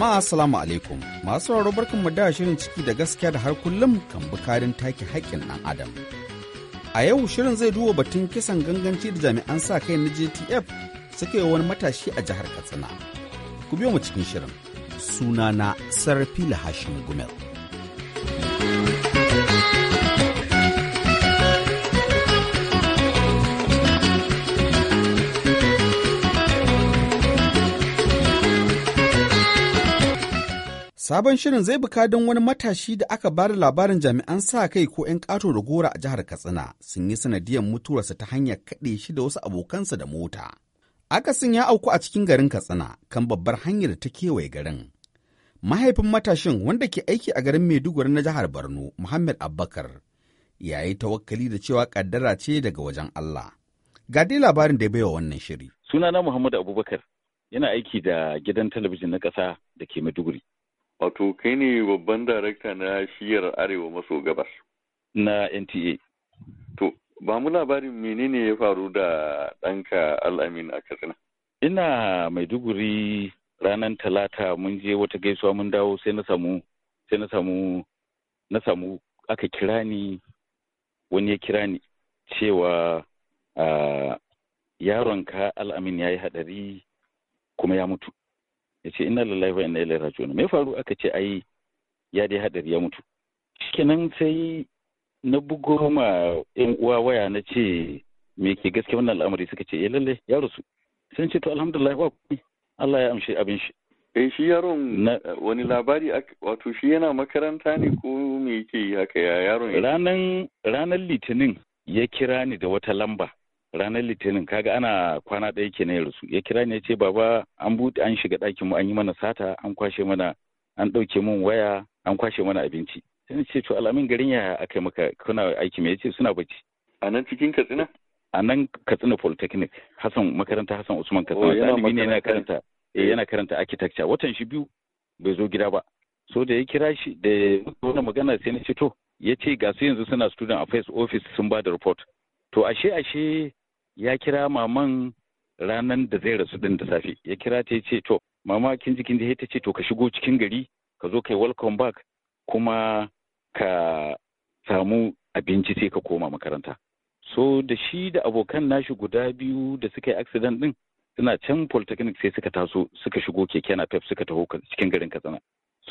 Jama'a Assalamu alaikum masu sauraro barkan mu da shirin ciki da gaskiya da har kullum kan bukarin take haƙƙin ɗan adam. A yau shirin zai duba batun kisan ganganci da jami'an sa kai na JTF suka yi wani matashi a jihar Katsina. Ku biyo mu cikin shirin sunana sarfi Hashim Gumel. Sabon shirin zai buka bukadin wani matashi da aka bada labarin jami'an sa kai ko 'yan ƙato da gora a jihar Katsina sun yi sanadiyar mutuwarsa ta hanyar kaɗe shi da wasu abokansa da mota. Akasin ya auku a cikin garin Katsina kan babbar hanyar da ta kewaye garin. Mahaifin matashin wanda ke aiki a garin Maiduguri na jihar Borno, Muhammad Abubakar, ya yi tawakkali da cewa kaddara ce daga wajen Allah. Ga dai labarin da ya baiwa wannan shiri. Sunana Muhammad Abubakar yana aiki da gidan talabijin na ƙasa da ke Maiduguri. Wato kai ne babban darakta na shiyar Arewa maso gabas. Na NTA. To, ba mu labarin menene ya faru da ɗanka Al'amin a Katsina? Ina Maiduguri ranar Talata mun je wata gaisuwa mun dawo sai na samu sai na samu na samu aka kira ni wani ya kira ni cewa ah, yaronka Al'amin ya yi haɗari kuma ya mutu. ya ce inna lillahi wa inna ilaihi raji'un me faru aka ce ai ya dai hadari ya mutu kenan sai na bugo ma yan uwa waya na ce me ke gaske wannan al'amari suka ce eh lalle ya rusu sun ce to alhamdulillah ba Allah ya amshi abin shi eh shi yaron wani labari wato shi yana makaranta ne ko me yake haka ya yaron ranan ranan litinin ya kira ni da wata lamba ranar litinin kaga ana kwana ɗaya kenan ya rasu ya kira ne, ya ce baba an buɗe an shiga ɗakin mu an yi mana sata an kwashe mana an ɗauke mun waya an kwashe mana abinci sai na ce to alamin garin ya aka maka kuna aiki Ya ce suna bacci a nan cikin katsina a nan katsina polytechnic hassan makaranta hassan usman katsina oh, ɗalibi ne yana karanta eh, eh yana karanta architecture watan shi biyu bai zo gida ba so da ya kira shi da wannan magana sai na ce to ya ce ga su yanzu suna student affairs office sun ba da report to ashe ashe ya kira maman ranar da zai rasu din da safe ya kira ta ce to mama kin ji kin ji ta ce to ka shigo cikin gari ka zo kai welcome back kuma ka samu abinci sai ka koma makaranta so da shi da abokan nashi guda biyu da suka yi accident din suna can polytechnic sai suka taso suka shigo keke na pep suka taho cikin garin katsina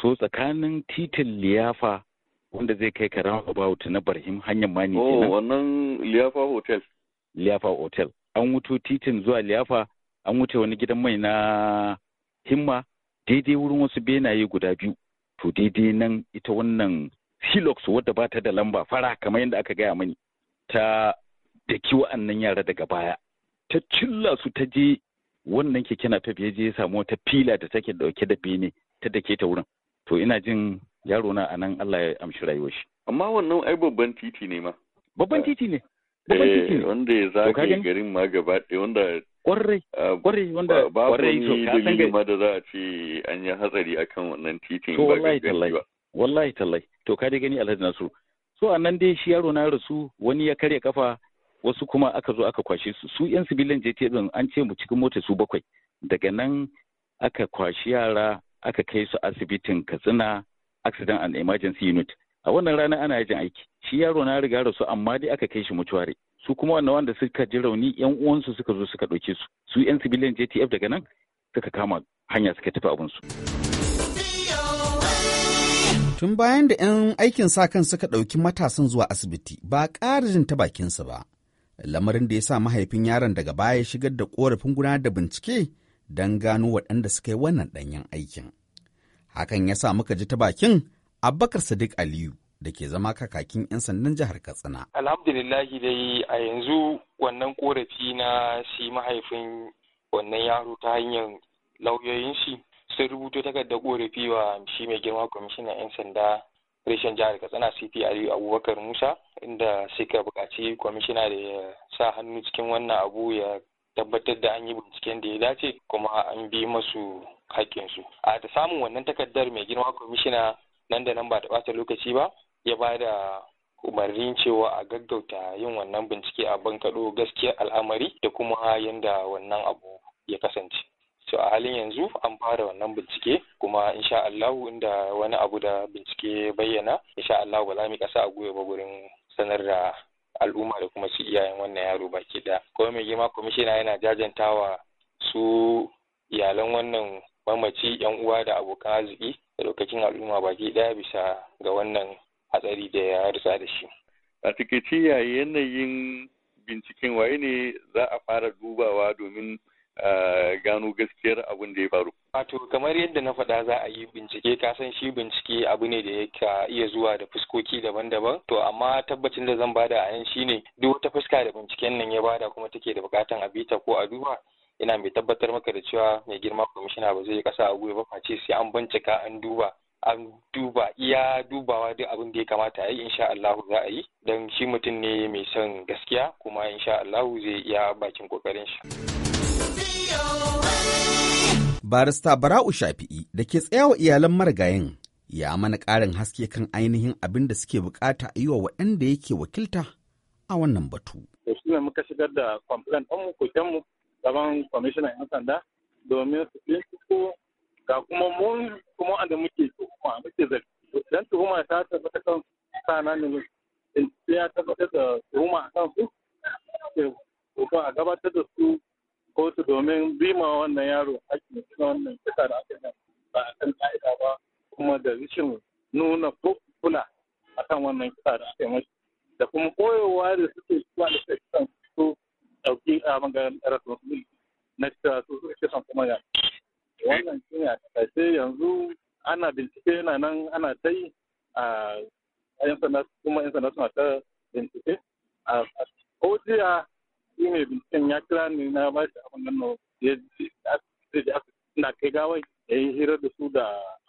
so tsakanin titin liyafa wanda zai kai ka roundabout na barhim hanyar mani oh wannan liyafa hotel liyafa hotel an wuto titin zuwa liyafa an wuce wani gidan mai na himma daidai wurin wasu benaye guda biyu to daidai nan ita wannan hilux wadda ba ta da lamba fara kamar yadda aka gaya mani ta daki wa'annan yara daga baya ta cilla su ta je wannan keke na ya je ya samu wata fila da take dauke da bene ta dake ta wurin to ina jin yaro na anan Allah ya amshi rayuwar shi amma wannan ai babban titi ne ma babban titi ne Eh, wanda ya zagaye garin ma gaba ɗaya wanda kwarai ah, kwarai wanda kwarai to ka san ma da za a ce an yi hatsari akan wannan titin ba wallahi tallahi wallahi tallai to ka dai gani Alhaji Nasiru so a nan dai shi yaro na rasu wani ya karya kafa wasu kuma aka zo aka kwashe su su yan sibilan JT din an ce mu cikin mota su bakwai daga nan aka kwashi yara aka kai su asibitin Katsina accident and emergency unit a wannan rana ana yajin aiki shi yaro na riga da su amma dai aka kai shi mutuware su kuma wannan wanda suka ji rauni yan uwansu suka zo suka ɗauke su su yan civilian JTF daga nan suka kama hanya suka tafi abun su. Tun bayan da 'yan aikin sa kan suka ɗauki matasan zuwa asibiti ba ƙarin ta bakinsa ba, lamarin da ya sa mahaifin yaron daga baya shigar da korafin gudanar da bincike don gano waɗanda suka yi wannan ɗanyen aikin. Hakan ya sa muka ji ta bakin Abubakar Sadiq Aliyu da ke zama kakakin 'yan sandan jihar Katsina. Alhamdulillahi dai a yanzu wannan korafi na shi mahaifin wannan yaro ta hanyar lauyoyin shi sun rubuto takarda korafi wa shi mai girma kwamishinan 'yan sanda reshen jihar Katsina CP Aliyu Abubakar Musa inda suka buƙaci kwamishina da ya sa hannu cikin wannan abu ya tabbatar da an yi binciken da ya dace kuma an bi masu haƙƙinsu. A da samun wannan takardar mai girma kwamishina nan da nan ba da ɓata lokaci ba ya ba da umarnin cewa a gaggauta yin wannan bincike a bankaɗo gaskiyar al'amari da kuma yadda wannan abu ya kasance. So a halin yanzu an fara wannan bincike kuma insha Allah inda wani abu da bincike bayyana insha Allah ba za mu kasa a gwiwa ba gurin sanar da al'umma da kuma su iyayen wannan yaro baki ɗaya. Kuma mai girma kwamishina yana jajantawa su iyalan wannan mamaci yan uwa da abokan arziki da lokacin al'umma baki ɗaya bisa ga wannan hatsari da ya rutsa da shi. A takaice yayi yanayin binciken waye ne za a fara dubawa domin gano gaskiyar abin da ya faru. Wato kamar yadda na faɗa za a yi bincike ka san shi bincike abu ne da ya iya zuwa da fuskoki daban-daban to amma tabbacin da zan bada a yan ne, duk wata fuska da binciken nan ya bada kuma take da bukatan a bita ko a duba ina mai tabbatar maka da cewa mai girma kwamishina ba zai yi kasa a gwiwa ba face sai an bincika an duba an duba iya dubawa duk abin da ya kamata a yi insha Allahu za a yi don shi mutum ne mai son gaskiya kuma insha Allahu zai iya bakin kokarin shi. Barista Bara'u Shafi'i da ke tsayawa iyalan marigayin ya mana ƙarin haske kan ainihin abin da suke bukata a yi wa waɗanda yake wakilta a wannan batu. Da shi ne muka shigar da kwamfilan ɗanmu, kokenmu gaban kwamishinan 'yan sanda domin su suko ga kuma mun kuma wanda muke tuhuma muke zargi don tuhuma ta tabbata kan sana ne sai ya tabbatar da tuhuma a kan kansu ko a gabatar da su kotu domin bima wannan yaro hakkin cikin wannan kisa da aka yi ba a kan ka'ida ba kuma da rishin nuna ko kula a kan wannan kisa da aka yi mashi da kuma koyowa da suke zuwa da kan. faɗa min ga rasmi na cikin su suka kisan kuma ya wannan shi ne a yanzu ana bincike na nan ana ta yi a yan sanda kuma yan sanda suna ta bincike a ko jiya shi ne binciken ya kira ni na ba shi abin nan ya ji na kai gawai ya yi hira da su da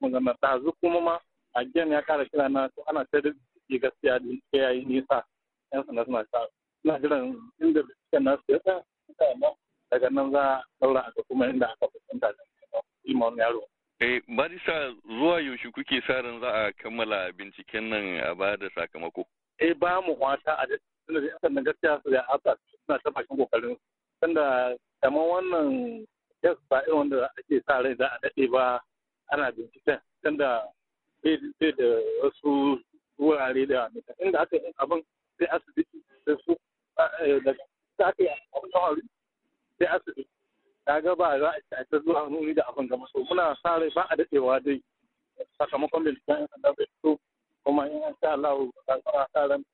maganar ta zu kuma ma a ya kara kira na ana ta da gaskiya bincike ya yi nisa yan sanda suna ta na jiran inda binciken nasu ya sa daga nan za a ɗaura aka kuma inda aka fuskanta da imon yaro. Eh, Barisa zuwa yaushe kuke sa ran za a kammala binciken nan a ba da sakamako? Eh, ba mu kwata a da sannan gaskiya su ya hasa suna ta bakin kokarin tunda kamar wannan yes ba irin wanda ake sa rai za a daɗe ba ana binciken tunda sai da wasu wurare da inda aka yi abin sai asibiti sai su da ta yi alfahari sai asibiti ta ga ba za a ta zuwa nuni da abin gama so muna sa rai ba a daɗewa dai sakamakon binciken yan sanda bai fito kuma in an sha Allah ba sa ran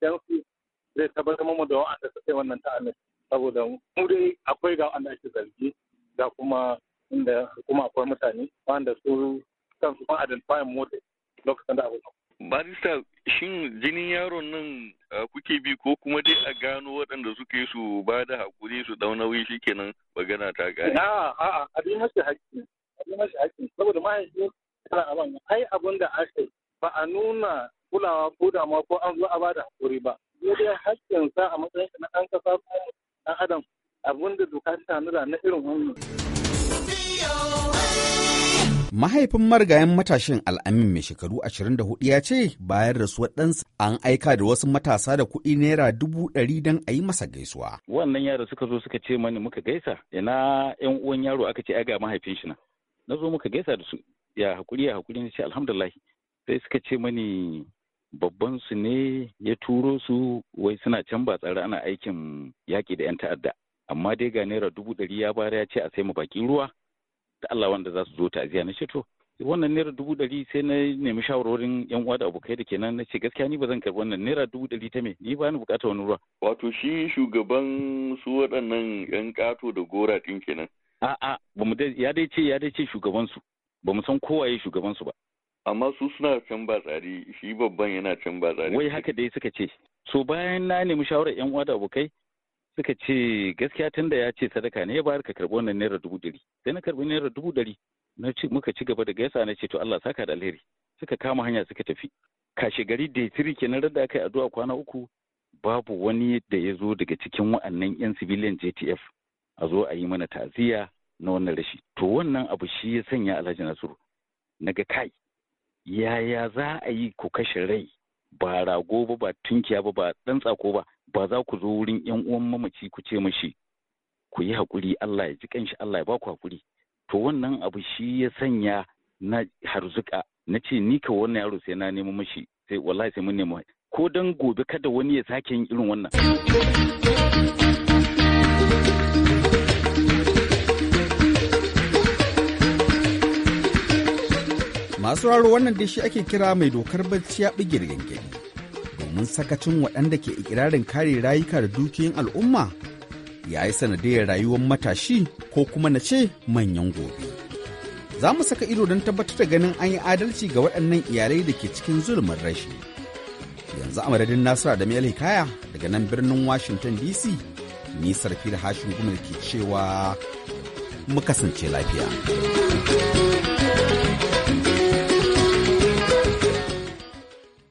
yan su zai tabbatar mu da wa'anda suka yi wannan ta'annin saboda mu dai akwai ga wanda ake zargi ga kuma inda kuma akwai mutane wanda su kansu kuma identify mota lokacin da abu barista shin jinin yaron nan kuke bi ko kuma dai a gano waɗanda suke su ba da haƙuri su ɗau nauyi shi kenan magana ta gani. Na a a bi mashi haƙƙi abin bi mashi haƙƙi saboda mahaifin a abin ai abin da aka ba a nuna kulawa ko damuwa ko an zo a ba da haƙuri ba. Ko dai haƙƙin sa a matsayin na an kasa ko ɗan adam abin da doka ta nuna na irin wannan. Mahaifin marigayen matashin al'amin mai shekaru 24 ya ce bayar da rasuwar ɗansa an aika da wasu matasa da kuɗi naira dubu ɗari don a yi masa gaisuwa. Wannan yara suka zo suka ce mani muka gaisa ina yan uwan yaro aka ce ga mahaifin shi na. Na zo muka gaisa da su ya hakuri ya hakuri ne ce alhamdulahi sai suka ce mani babban su ne ya turo su wai suna can ba tsare ana aikin yaƙi da 'yan ta'adda amma dai ga naira dubu ɗari ya bara ya ce a sai mu baƙin ruwa da Allah wanda za su zo ta'aziya na ce to wannan naira dubu ɗari sai na nemi shawarorin yan uwa da abokai da kenan na ce gaskiya ni ba zan karɓi wannan naira dubu ɗari ta me ni ba ni buƙatar wani ruwa. Wato shi shugaban su waɗannan yan ƙato da gora ɗin kenan. A'a ba mu ya dai ce ya dai ce shugaban su ba mu san kowaye shugaban su ba. Amma su suna can ba tsari shi babban yana can ba tsari. Wai haka dai suka ce. So bayan na nemi shawarar yan uwa da abokai suka ce gaskiya tun da ya ce sadaka ne ya bayar ka karɓi wannan naira dubu ɗari sai na karɓi naira dubu ɗari na ci muka ci gaba da gaisa na ce to Allah saka da alheri suka kama hanya suka tafi kashe gari da tiri kenan da aka yi addu'a kwana uku babu wani da ya zo daga cikin wa'annan yan civilian JTF a zo a yi mana ta'aziyya na wannan rashi to wannan abu shi ya sanya Alhaji Nasiru naga kai yaya za a yi ku kashe rai ba rago ba ba tunkiya ba ba dan tsako ba ba za ku zo wurin yan uwan mamaci ku ce mashi ku yi haƙuri Allah ya ji kanshi Allah ya ba ku haƙuri to wannan abu shi ya sanya na harzuka na ce ni ka wannan yaro sai na nemo mashi sai wallahi sai mun nemo ko dan gobe kada wani ya sake yin irin wannan masu raro wannan dai shi ake kira mai dokar bacci ya bigir gangani domin sakacin waɗanda ke ikirarin kare rayuka da dukiyoyin al'umma ya yi sanadiyar rayuwar matashi ko kuma na ce manyan gobe. Za mu saka ido don tabbatar da ganin an yi adalci ga waɗannan iyalai da ke cikin zulumin rashi. Yanzu a madadin Nasira da Mel Hikaya daga nan birnin Washington DC, ni da Hashin Gumar ke cewa mu kasance lafiya.